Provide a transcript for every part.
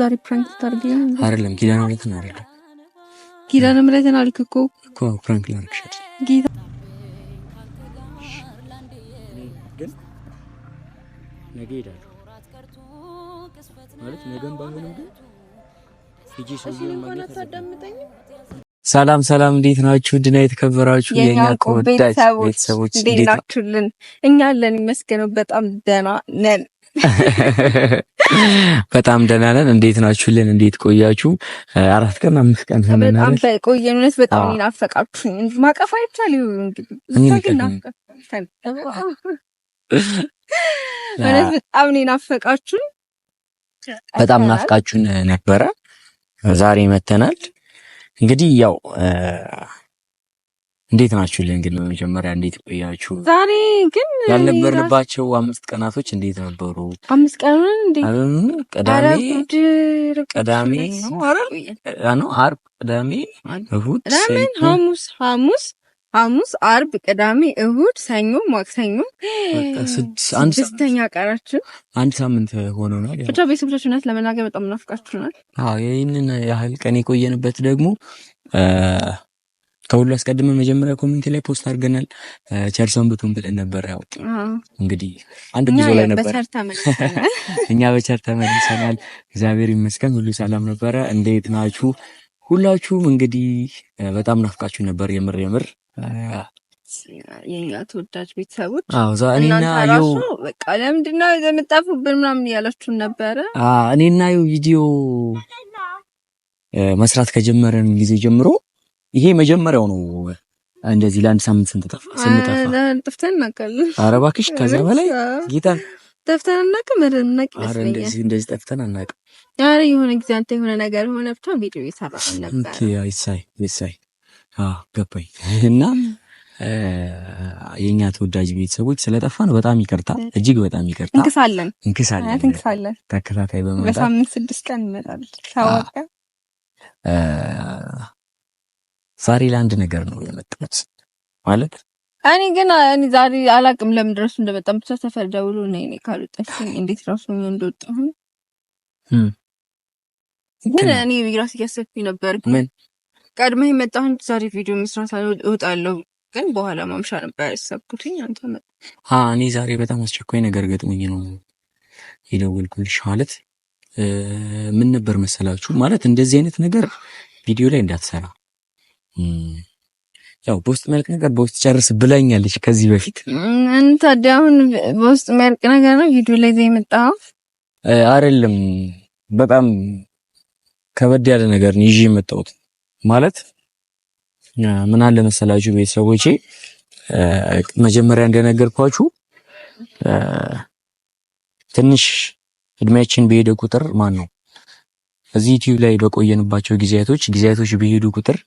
ዛሬ ፕራንክ ታርጊ አይደለም፣ ኪዳነ ምሕረትን አይደለም፣ ኪዳነ ምሕረትን አልክ እኮ እኮ ፕራንክ ላርክሽት ጌታ ግን ነገ ሄዳለሁ ማለት ነገም ባይሆንም ግን ሂጂ ሰውዬው ማለት ሰላም ሰላም፣ እንዴት ናችሁ? ድና የተከበራችሁ የኛ ተወዳጅ ቤተሰቦች እንዴት ናችሁልን? እኛ አለን ይመስገነው፣ በጣም ደህና ነን። በጣም ደህና ነን። እንዴት ናችሁልን? እንዴት ቆያችሁ? አራት ቀን አምስት ቀን ሆነናል በጣም ናፈቃችሁኝ። ማቀፍ አይቻል እውነት በጣም ነው ናፈቃችሁኝ። በጣም ናፍቃችሁን ነበረ። ዛሬ መተናል። እንግዲህ ያው እንዴት ናችሁ? ልን ግን በመጀመሪያ እንዴት ቆያችሁ? ዛሬ ግን ያልነበርንባቸው አምስት ቀናቶች እንዴት ነበሩ? አምስት ቀኑን እንዴት ቅዳሜ አርብ፣ ቅዳሜ፣ እሁድ፣ ራምን፣ ሐሙስ ሐሙስ ሐሙስ፣ አርብ፣ ቅዳሜ፣ እሁድ፣ ሰኞ፣ ማክሰኞ ስድስተኛ ቀናችን አንድ ሳምንት ሆኖናል። ብቻ ቤተሰቦቻችሁ እውነት ለመናገር በጣም እናፍቃችሁናል። ይህንን ያህል ቀን የቆየንበት ደግሞ ከሁሉ አስቀድመን መጀመሪያ ኮሚኒቲ ላይ ፖስት አድርገናል። ቸርሰን ብቱን ብለን ነበር። ያው እንግዲህ አንድ ጉዞ ላይ ነበር፣ እኛ በቸር ተመልሰናል። እግዚአብሔር ይመስገን ሁሉ ሰላም ነበረ። እንዴት ናችሁ ሁላችሁም? እንግዲህ በጣም ናፍቃችሁ ነበር። የምር የምር የኛ ተወዳጅ ቤተሰቦች እኔና ዮ በቃ ለምንድን ነው ምናምን እያላችሁን ነበረ። እኔና ዩ ቪዲዮ መስራት ከጀመረን ጊዜ ጀምሮ ይሄ መጀመሪያው ነው። እንደዚህ ለአንድ ሳምንት ስንጠፋ ስንጠፋ ጠፍተን እናውቃለን። ኧረ እባክሽ ከዛ በላይ ጌታ ጠፍተን አናውቅም። ኧረ እናውቅም። ኧረ እንደዚህ እንደዚህ ጠፍተን አናውቅም። ኧረ የሆነ ጊዜ አንተ የሆነ ነገር ሆነ ብቻ ቪዲዮ ይሰራ ነበር። ይሳይ ይሳይ። አዎ ገባኝ። እና የኛ ተወዳጅ ቤተሰቦች ስለጠፋን በጣም ይቅርታ፣ እጅግ በጣም ይቅርታ። እንክሳለን እንክሳለን እንክሳለን። ተከታታይ በመጣ በሳምንት ስድስት ቀን እንመጣለን። ታወቀ ዛሬ ለአንድ ነገር ነው የመጣሁት ማለት እኔ ግን እኔ ዛሬ አላቅም ለምን ድረሱ እንደመጣም ብቻ ሰፈር ደውሎ ነው እኔ ካልወጣችኝ እንዴት ራሱ ነው እንደወጣሁ ግን እኔ ራስ እያሰብኩኝ ነበር። ምን ቀድመህ የመጣሁን ዛሬ ቪዲዮ መስራት እወጣለሁ፣ ግን በኋላ ማምሻ ነበር ያሰብኩትኝ። አንተ መጣ። እኔ ዛሬ በጣም አስቸኳይ ነገር ገጥሞኝ ነው የደወልኩልሽ። ማለት ምን ነበር መሰላችሁ፣ ማለት እንደዚህ አይነት ነገር ቪዲዮ ላይ እንዳትሰራ ያው በውስጥ መልክ ነገር በውስጥ ጨርስ ብላኛለች ከዚህ በፊት ታዲያ አሁን በውስጥ መልክ ነገር ነው ቪዲዮ ላይ ዘ የመጣው አይደለም። በጣም ከበድ ያለ ነገር ነው ይዤ የመጣሁት ማለት ምን አለ መሰላችሁ ቤተሰቦቼ፣ መጀመሪያ እንደነገርኳችሁ ትንሽ እድሜያችን በሄደ ቁጥር ማን ነው እዚህ ዩቲዩብ ላይ በቆየንባቸው ጊዜያቶች ጊዜያቶች በሄዱ ቁጥር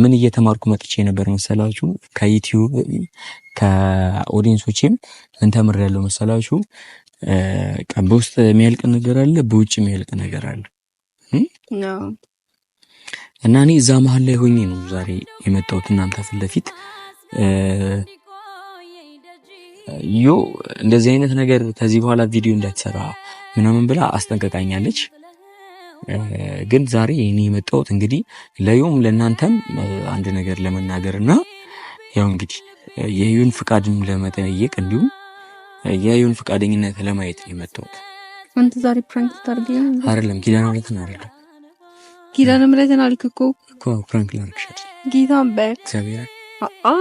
ምን እየተማርኩ መጥቼ ነበር መሰላችሁ? ከዩቲዩብ ከኦዲየንሶቼም ምን ተምሬያለሁ መሰላችሁ? በውስጥ የሚያልቅ ነገር አለ፣ በውጭ የሚያልቅ ነገር አለ። እና እኔ እዛ መሀል ላይ ሆኜ ነው ዛሬ የመጣሁት እናንተ ፊት ለፊት ዮ እንደዚህ አይነት ነገር ከዚህ በኋላ ቪዲዮ እንዳትሰራ ምናምን ብላ አስጠንቀቃኛለች። ግን ዛሬ እኔ የመጣሁት እንግዲህ ለዩም ለእናንተም አንድ ነገር ለመናገር እና ያው እንግዲህ የዩን ፍቃድም ለመጠየቅ እንዲሁም የዩን ፍቃደኝነት ለማየት ነው የመጣሁት። አንተ ዛሬ ፕራንክ ታርጊ አይደለም? ኪዳነ ምሕረትን አይደለም? ኪዳነ ምሕረትን አልክ እኮ እኮ ፕራንክ ላርክሻል። ጌታን በእግዚአብሔር አአ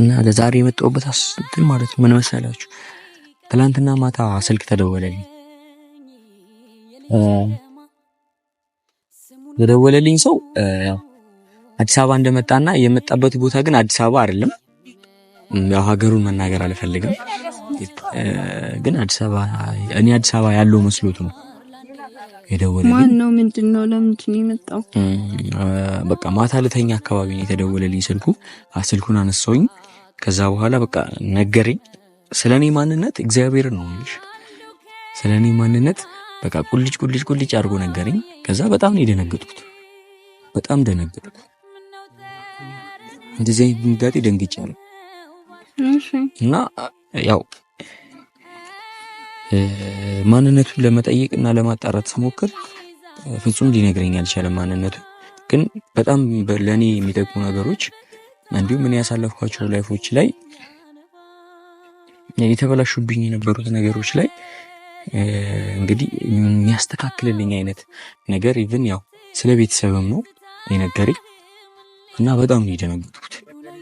እና ለዛሬ የመጣሁበት አስትን ማለት ምን መሰላችሁ፣ ትላንትና ማታ ስልክ ተደወለልኝ የደወለልኝ ሰው አዲስ አበባ እንደመጣና የመጣበት ቦታ ግን አዲስ አበባ አይደለም። ያው ሀገሩን መናገር አልፈልግም፣ ግን አዲስ አበባ እኔ አዲስ አበባ ያለው መስሎት ነው የደወለልኝ። ማን ነው? ምንድን ነው? ለምንድን ነው የመጣው? በቃ ማታ ልተኛ አካባቢ ነው የተደወለልኝ ስልኩ። ስልኩን አነሳውኝ። ከዛ በኋላ በቃ ነገረኝ ስለኔ ማንነት። እግዚአብሔርን ነው ስለ እኔ ማንነት በቃ ቁልጭ ቁልጭ ቁልጭ አድርጎ ነገረኝ። ከዛ በጣም ነው የደነገጥኩት፣ በጣም ደነገጥኩ። እንደዚህ አይነት ድንጋጤ ደንግጫለሁ። እና ያው ማንነቱን ለመጠየቅ እና ለማጣራት ስሞክር ፍጹም ሊነግረኝ አልቻለም። ማንነቱ ግን በጣም ለእኔ የሚጠቅሙ ነገሮች እንዲሁም እኔ ያሳለፍኳቸው ላይፎች ላይ የተበላሹብኝ የነበሩት ነገሮች ላይ እንግዲህ የሚያስተካክልልኝ አይነት ነገር ኢቭን ያው ስለ ቤተሰብም ነው የነገረኝ እና በጣም ነው የደነገጥኩት።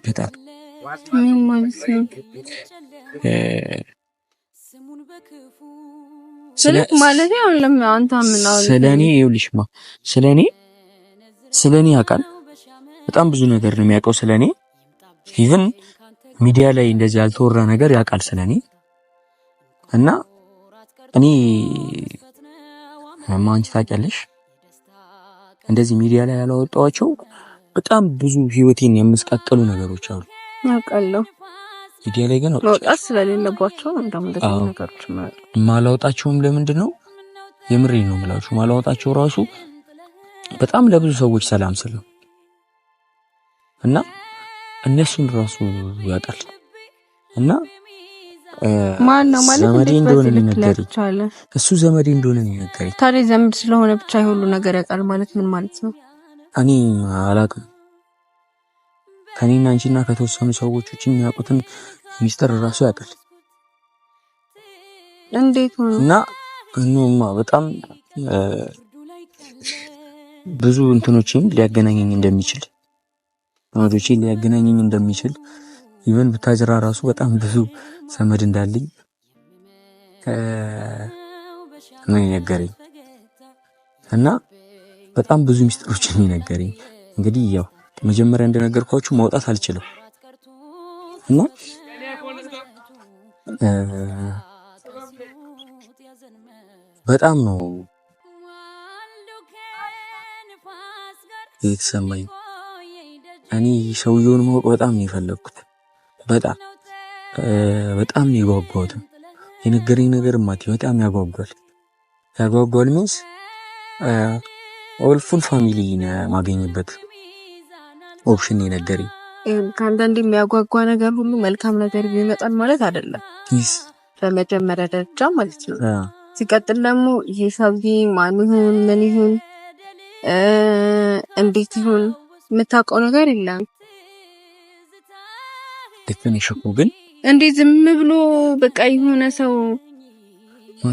በጣም ስለ እኔ ይኸውልሽማ፣ ስለ እኔ ስለ እኔ ያውቃል። በጣም ብዙ ነገር ነው የሚያውቀው ስለ እኔ። ኢቭን ሚዲያ ላይ እንደዚህ ያልተወራ ነገር ያውቃል ስለ እኔ እና እኔ ማንቺ ታውቂያለሽ እንደዚህ ሚዲያ ላይ ያላወጣኋቸው በጣም ብዙ ህይወቴን የምስቀጥሉ ነገሮች አሉ። አውቃለሁ። ሚዲያ ላይ ግን መውጣት ስለሌለባቸው እንደምንደዚህ ነገሮች ማላወጣቸውም ለምንድን ነው? የምሬ ነው የምላችሁ። ማላወጣቸው ራሱ በጣም ለብዙ ሰዎች ሰላም ስል ነው እና እነሱን ራሱ ያጣል እና ዘመዴ እንደሆነ ነገረኝ። እሱ ዘመዴ እንደሆነ ነገረኝ። ታዲያ ዘመድ ስለሆነ ብቻ የሁሉ ነገር ያውቃል ማለት ምን ማለት ነው? እኔ አላውቅም። ከኔና አንቺና ከተወሰኑ ሰዎች ውጭ የሚያውቁትን ሚስጥር እራሱ ያውቃል። እንዴት ነው? እና እኑማ በጣም ብዙ እንትኖችን ሊያገናኘኝ እንደሚችል እህቶቼ ሊያገናኘኝ እንደሚችል ይበል ብታጅራ ራሱ በጣም ብዙ ሰመድ እንዳለኝ ነው የነገረኝ እና በጣም ብዙ ሚስጥሮችን ነው የነገረኝ። እንግዲህ ያው መጀመሪያ እንደነገርኳችሁ ማውጣት አልችልም እና በጣም ነው የተሰማኝ። እኔ ሰውየውን ማወቅ በጣም ነው የፈለግኩት በጣም በጣም ነው የጓጓሁት። የነገረኝ ነገር ማቴ በጣም ያጓጓል። ያጓጓል ሚንስ ኦልፉን ፋሚሊ ማገኝበት ኦፕሽን የነገረኝ። ከአንዳንድ የሚያጓጓ ነገር ሁሉ መልካም ነገር ይመጣል ማለት አይደለም። በመጀመሪያ ደረጃ ማለት ነው። ሲቀጥል ደግሞ ይሄ ሰውዬ ማን ይሁን ምን ይሁን እንዴት ይሁን የምታውቀው ነገር የለም። ልክ ነሽ እኮ ግን እንዴ ዝም ብሎ በቃ የሆነ ሰው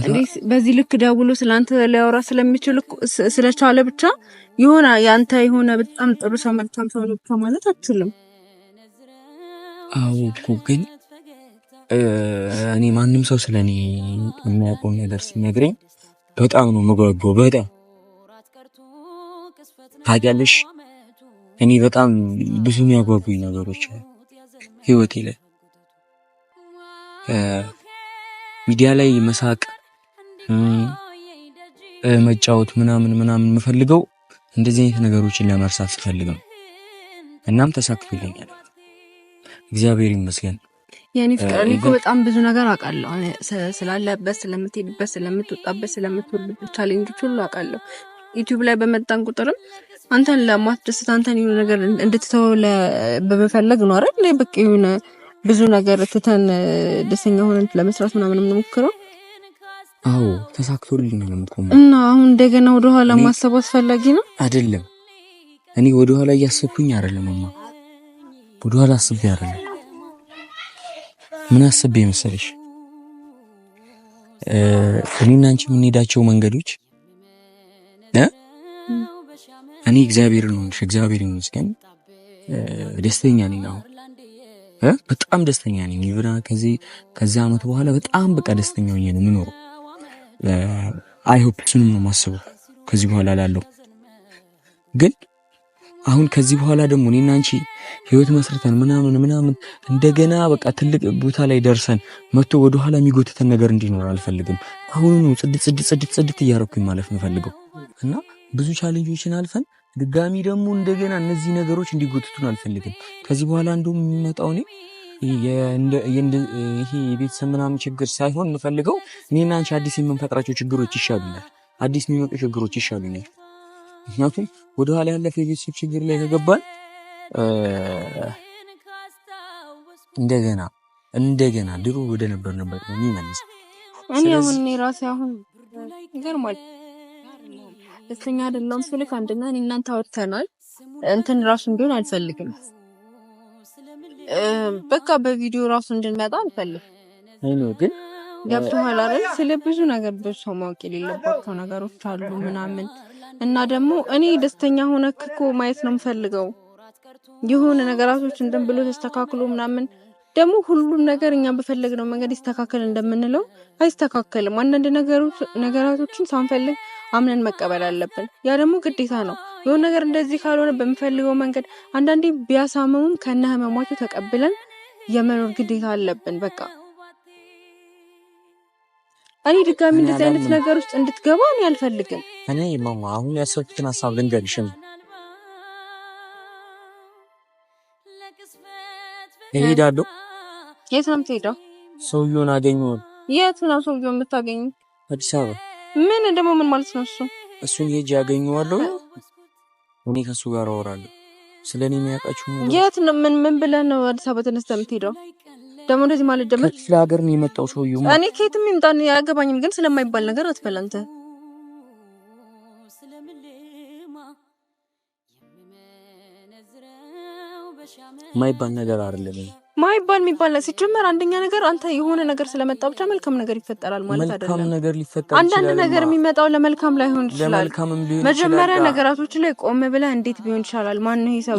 እንዴት በዚህ ልክ ደውሎ ስላንተ ሊያወራ ስለሚችል ስለቻለ ብቻ የሆነ ያንተ የሆነ በጣም ጥሩ ሰው መልካም ሰው ልክ ማለት አትችልም። አዎ እኮ ግን እኔ ማንም ሰው ስለኔ የሚያውቀው ነገር ሲነግረኝ በጣም ነው የምጓጓው። በጣም ታውቂያለሽ፣ እኔ በጣም ብዙ የሚያጓጉኝ ነገሮች ህይወቴ ላይ ሚዲያ ላይ መሳቅ መጫወት ምናምን ምናምን የምፈልገው እንደዚህ አይነት ነገሮችን ለመርሳት ስፈልግ ነው። እናም ተሳክቶልኛል፣ እግዚአብሔር ይመስገን። የኔ ፍቅር እኔ እኮ በጣም ብዙ ነገር አውቃለሁ ስላለበት፣ ስለምትሄድበት፣ ስለምትወጣበት፣ ስለምትወልድበት ቻሌንጆች ሁሉ አውቃለሁ። ዩቲዩብ ላይ በመጣን ቁጥርም አንተን ለማስደሰት አንተን የሆነ ነገር እንድትተው በመፈለግ ነው አይደል? በቃ የሆነ ብዙ ነገር ትተን ደስተኛ ሆነን ለመስራት ምናምን የምንሞክረው። አዎ ተሳክቶልኛል እኮ እና አሁን እንደገና ወደኋላ ማሰብ አስፈላጊ ነው አይደለም። እኔ ወደኋላ እያሰብኩኝ አይደለም እማ፣ ወደኋላ አስቤ አይደለም። ምን አስቤ መሰለሽ? እኔና አንቺ የምንሄዳቸው መንገዶች እኔ እግዚአብሔር ነው እግዚአብሔር ይመስገን ደስተኛ ነኝ አሁን በጣም ደስተኛ ነኝ። ይብራ ከዚህ ከዚህ አመት በኋላ በጣም በቃ ደስተኛ ሆኜ ነው ምኖሩ። አይ ሆፕ እሱንም ነው የማስበው ከዚህ በኋላ ላለው ግን አሁን ከዚህ በኋላ ደግሞ እኔና አንቺ ህይወት መስርተን ምናምን ምናምን እንደገና በቃ ትልቅ ቦታ ላይ ደርሰን መጥቶ ወደ ኋላ የሚጎትተን ነገር እንዲኖር አልፈልግም። አሁኑ ጽድት ጽድት ጽድት ጽድት እያረኩኝ ማለፍ የምፈልገው እና ብዙ ቻሌንጆችን አልፈን ድጋሚ ደግሞ እንደገና እነዚህ ነገሮች እንዲጎትቱን አልፈልግም። ከዚህ በኋላ እንደውም የሚመጣው እኔ ይሄ የቤተሰብ ምናምን ችግር ሳይሆን የምፈልገው እኔና አንቺ አዲስ የምንፈጥራቸው ችግሮች ይሻሉኛል፣ አዲስ የሚመጡ ችግሮች ይሻሉኛል። ምክንያቱም ወደኋላ ያለፈ የቤተሰብ ችግር ላይ ከገባን እንደገና እንደገና ድሮ ወደ ነበርንበት ነው የሚመልስ። እኔ አሁን ራሴ አሁን ይገርማል ደስተኛ አይደለሁም ስልክ አንደኛ እኔ እናንተ አውርተናል። እንትን ራሱ እንዲሆን አልፈልግም። በቃ በቪዲዮ ራሱ እንድንመጣ አልፈልግም። እኔ ግን ገብቶሃል አይደል? ስለ ብዙ ነገር ብዙ ሰው ማወቅ የሌለባቸው ነገሮች አሉ ምናምን እና ደግሞ እኔ ደስተኛ ሆነክ እኮ ማየት ነው የምፈልገው። የሆነ ነገራቶች እንትን ብሎ ተስተካክሎ ምናምን ደግሞ ሁሉም ነገር እኛ በፈለግነው መንገድ ይስተካከል እንደምንለው አይስተካከልም። አንዳንድ ነገራቶችን ሳንፈልግ አምነን መቀበል አለብን። ያ ደግሞ ግዴታ ነው። የሆነ ነገር እንደዚህ ካልሆነ በምፈልገው መንገድ አንዳንዴ ቢያሳምሙም ከነ ህመሟቸው ተቀብለን የመኖር ግዴታ አለብን። በቃ እኔ ድጋሚ እንደዚህ አይነት ነገር ውስጥ እንድትገባ እኔ አልፈልግም። እኔ ማማ አሁን ያሰብኩትን ሀሳብ ልንገልሽም እሄዳለሁ የት ነው የምትሄደው? ሰውየውን አገኘው። የት ነው ሰውየው የምታገኘው? አዲስ አበባ። ምን ደግሞ ምን ማለት ነው? እሱ እሱን ሄጄ አገኘዋለሁ። እኔ ከእሱ ጋር አወራለሁ። ስለ እኔ የሚያውቃችሁ የት ነው? ምን ምን ብለህ ነው አዲስ አበባ ተነስተህ የምትሄደው? ደግሞ እንደዚህ ማለት ደግሞ ክፍለ ሀገር ነው የመጣው ሰውየው። እኔ ከየትም ይምጣን አያገባኝም፣ ግን ስለማይባል ነገር አትበላንተ ማይባል ነገር አይደለም። ማይባል የሚባል ሲጀመር አንደኛ ነገር አንተ የሆነ ነገር ስለመጣ ብቻ መልካም ነገር ይፈጠራል ማለት አይደለም። መልካም ነገር ሊፈጠር ይችላል። አንዳንድ ነገር የሚመጣው ለመልካም ላይሆን ይችላል። መጀመሪያ ነገራቶች ላይ ቆም ብለህ እንዴት ቢሆን ይችላል? ማን ነው ይሄ ሰው?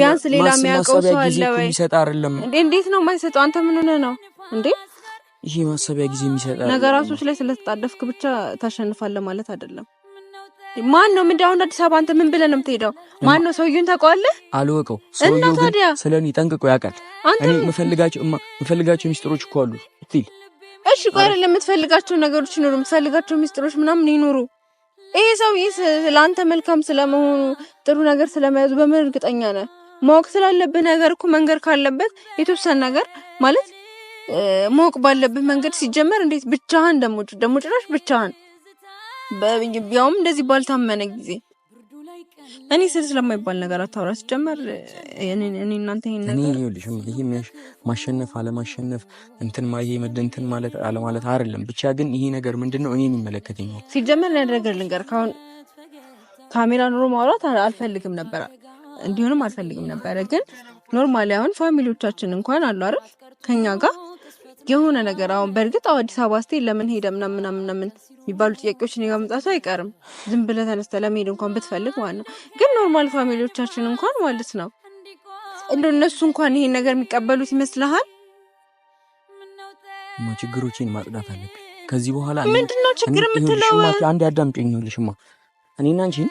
ቢያንስ ሌላ የሚያውቀው ሰው አለ ወይ? አይደለም እንዴ? እንዴት ነው የማይሰጠው? አንተ ምን ሆነህ ነው እንዴ? ይሄ ማሰቢያ ጊዜ የሚሰጥ ነገራቶች ላይ ስለተጣደፍክ ብቻ ታሸንፋለህ ማለት አይደለም። ማን ነው ምንድን? አሁን አዲስ አበባ አንተ ምን ብለህ ነው የምትሄደው? ማን ነው ሰውዬውን ታውቀዋለህ? አልወቀው። እና ታዲያ ስለ እኔ ጠንቅቆ ያውቃል። እኔ የምፈልጋቸው የምፈልጋቸው ሚስጥሮች እኮ አሉ እሺ ቆይ አይደለም የምትፈልጋቸው ነገሮች ይኖሩ፣ የምትፈልጋቸው ሚስጥሮች ምናምን ይኖሩ። ይሄ ሰውዬ ለአንተ መልካም ስለመሆኑ ጥሩ ነገር ስለመያዙ በምን እርግጠኛ ነህ? ማወቅ ስላለብህ ነገር እኮ መንገድ ካለበት የተወሰነ ነገር ማለት ማወቅ ባለብህ መንገድ ሲጀመር እንዴት ብቻህን ደሞ ደሞ ጭራሽ ብቻህን ቢያውም እንደዚህ ባልታመነ ጊዜ እኔ ስል ስለማይባል ነገር አታውራ። ሲጀመር እናንተ ይሄን ማሸነፍ አለማሸነፍ እንትን ማየ እንትን ማለት አለማለት አይደለም። ብቻ ግን ይሄ ነገር ምንድን ነው እኔን ይመለከተኛል። ሲጀመር ነገር ልንገር፣ ካሁን ካሜራ ኖሮ ማውራት አልፈልግም ነበረ፣ እንዲሁንም አልፈልግም ነበረ። ግን ኖርማሊ አሁን ፋሚሊዎቻችን እንኳን አሉ አይደል ከኛ ጋር የሆነ ነገር አሁን በእርግጥ አዲስ አበባ ስቴ ለምን ሄደ ምናምን ምናምን የሚባሉ ጥያቄዎች እኔ ጋር መምጣቱ አይቀርም። ዝም ብለህ ተነስተህ ለመሄድ እንኳን ብትፈልግ ማለት ነው። ግን ኖርማል ፋሚሊዎቻችን እንኳን ማለት ነው እንደ እነሱ እንኳን ይሄን ነገር የሚቀበሉት ይመስልሃል? ችግሮችን ማጽዳት አለብኝ ከዚህ በኋላ ምንድነው ችግር የምትለው? አንድ ያዳምጪኝ ነው ልሽማ እኔና አንቺን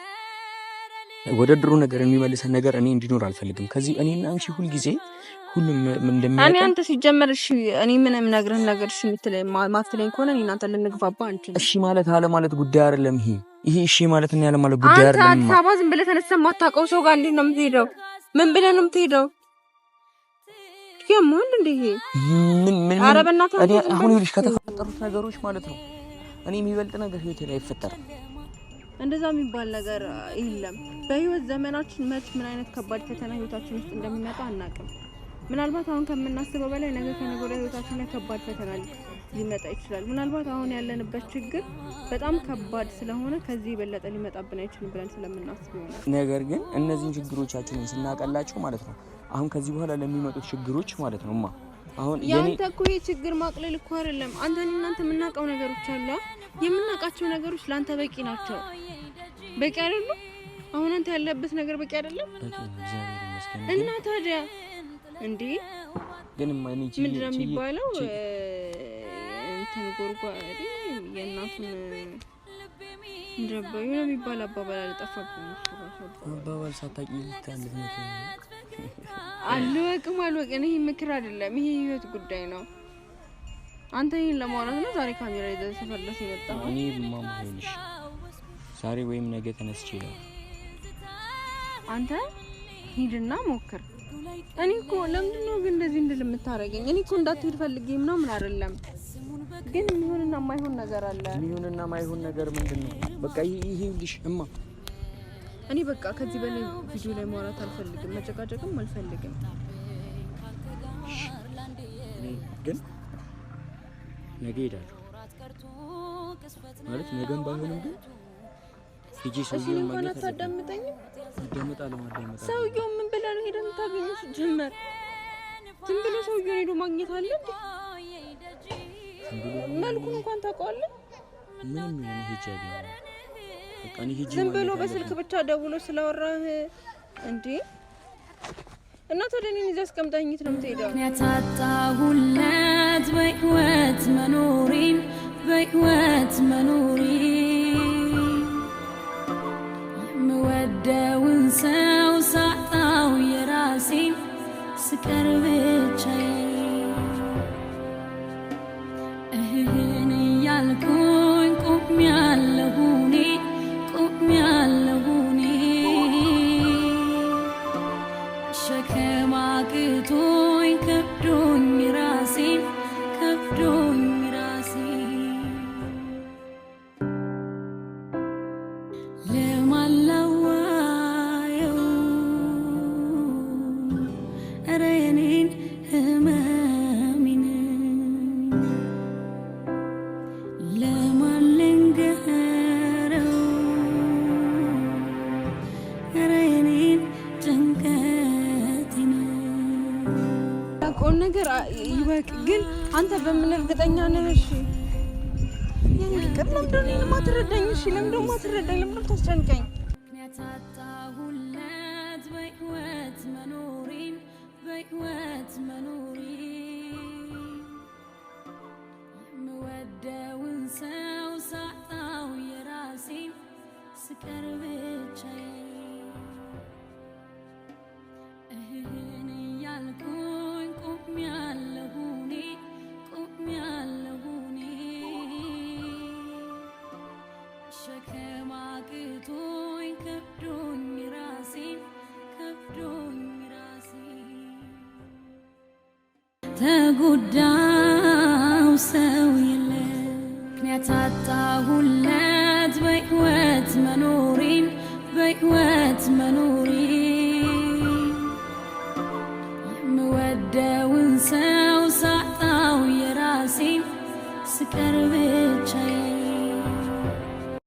ወደ ድሮ ነገር የሚመልሰን ነገር እኔ እንዲኖር አልፈልግም። ከዚህ እኔና አንቺ ሁልጊዜ ሁሉም እንደሚያውቀው እኔ አንተ ሲጀመር እሺ፣ እኔ ምን ነግርህ ነገር እሺ የምትለኝ ማትለኝ ከሆነ እኔ እናንተ ልንግባባ አንችልም። እሺ ማለት አለ ማለት ጉዳይ አይደለም ይሄ ይሄ እሺ ማለት እና ያለ ማለት ጉዳይ አይደለም። አንተ አዲስ አበባ ዝም ብለህ ተነስተህ የማታውቀው ሰው ጋር እንዴት ነው የምትሄደው? ምን ብለህ ነው የምትሄደው? እንደ ይሄ ምን ምን ኧረ በእናትህ አሁን ይኸውልሽ ከተፈጠሩት ነገሮች ማለት ነው እኔ የሚበልጥ ነገር ህይወቴ ላይ አይፈጠርም። እንደዛ የሚባል ነገር የለም። በህይወት ዘመናችን መች ምን አይነት ከባድ ፈተና ህይወታችን ውስጥ እንደሚመጣ አናውቅም። ምናልባት አሁን ከምናስበው በላይ ነገ ከነገ ወዲያ ህይወታችን ላይ ከባድ ፈተና ሊመጣ ይችላል። ምናልባት አሁን ያለንበት ችግር በጣም ከባድ ስለሆነ ከዚህ የበለጠ ሊመጣብን አይችልም ብለን ስለምናስብ ይሆናል። ነገር ግን እነዚህን ችግሮቻችንን ስናቀላቸው ማለት ነው አሁን ከዚህ በኋላ ለሚመጡት ችግሮች ማለት ነው ማ አሁን ያንተ እኮ ይሄ ችግር ማቅለል እኮ አይደለም። አንተ እናንተ የምናውቀው ነገሮች አሉ። የምናውቃቸው ነገሮች ለአንተ በቂ ናቸው። በቂ አይደሉ? አሁን አንተ ያለበት ነገር በቂ አይደለም። እና ታዲያ እንዴ ግን ማኔጅ ምንድን ነው የሚባለው? እንትን ጎርጓሪ የእናቱን እንደበዩ ነው የሚባል አባባል አልጠፋብኝ። አባባል ሳታቂ ነው አልወቅም አልወቅም። ይሄ ምክር አይደለም፣ ይሄ ህይወት ጉዳይ ነው። አንተ ይሄን ለማውራት ነው ዛሬ ካሜራ ይዘህ ተፈለስ የመጣው እኔ ማማ ዛሬ ወይም ነገ ተነስቼ ነው። አንተ ሂድና ሞክር። እኔ እኮ ለምንድን ነው ግን እንደዚህ እንድል የምታደርገኝ? እኔ እኮ እንዳትሄድ ፈልጌ ምናምን አይደለም፣ ግን የሚሆንና ማይሆን ነገር አለ። የሚሆንና ማይሆን ነገር ምንድን ነው? በቃ ይሄ ልሽ እማ እኔ በቃ ከዚህ በላይ ቪዲዮ ላይ ማውራት አልፈልግም፣ መጨቃጨቅም አልፈልግም። ግን ነገ ሄዳለሁ ማለት ነገም ባይሆንም ግን ሂጂ ሰውዬው ማግኘት አታዳምጠኝም። አዳምጣ ለማዳምጣ ሰውዬው ምን ብለህ ነው ሄደህ የምታገኘው? ጀመር ዝም ብሎ ሰውዬውን ሄዶ ማግኘት አለ እንዴ? መልኩን እንኳን ታውቀዋለህ? ዝም ብሎ በስልክ ብቻ ደውሎ ስላወራህ እንዴ? እና ታዲያ እኔን እዚህ አስቀምጠኝ የት ነው የምትሄደው? ያታጣሁለት በህይወት መኖሪን በህይወት መኖሪን የምወደውን ሰው ሳጣው የራሴን ስቀር ብቻዬን እህህን እያልኩኝ ቆሜያለሁ እኔ ቆሜያለሁ እኔ መሸከም አቅቶኝ ከብዶኝ ራሴን እወቅ። ግን አንተ በምን እርግጠኛ ነህ? እሺ ለምንድነው የማትረዳኝ? እሺ ለምንድነው የማትረዳኝ? ለምንድነው ታስጨንቀኝ? ቀርብቻዬ እህህን እያልኩኝ ቆሜያለሁ። ያለው እኔ ሸክም ከብዶኝ ራሴን ከብዶኝ ራሴን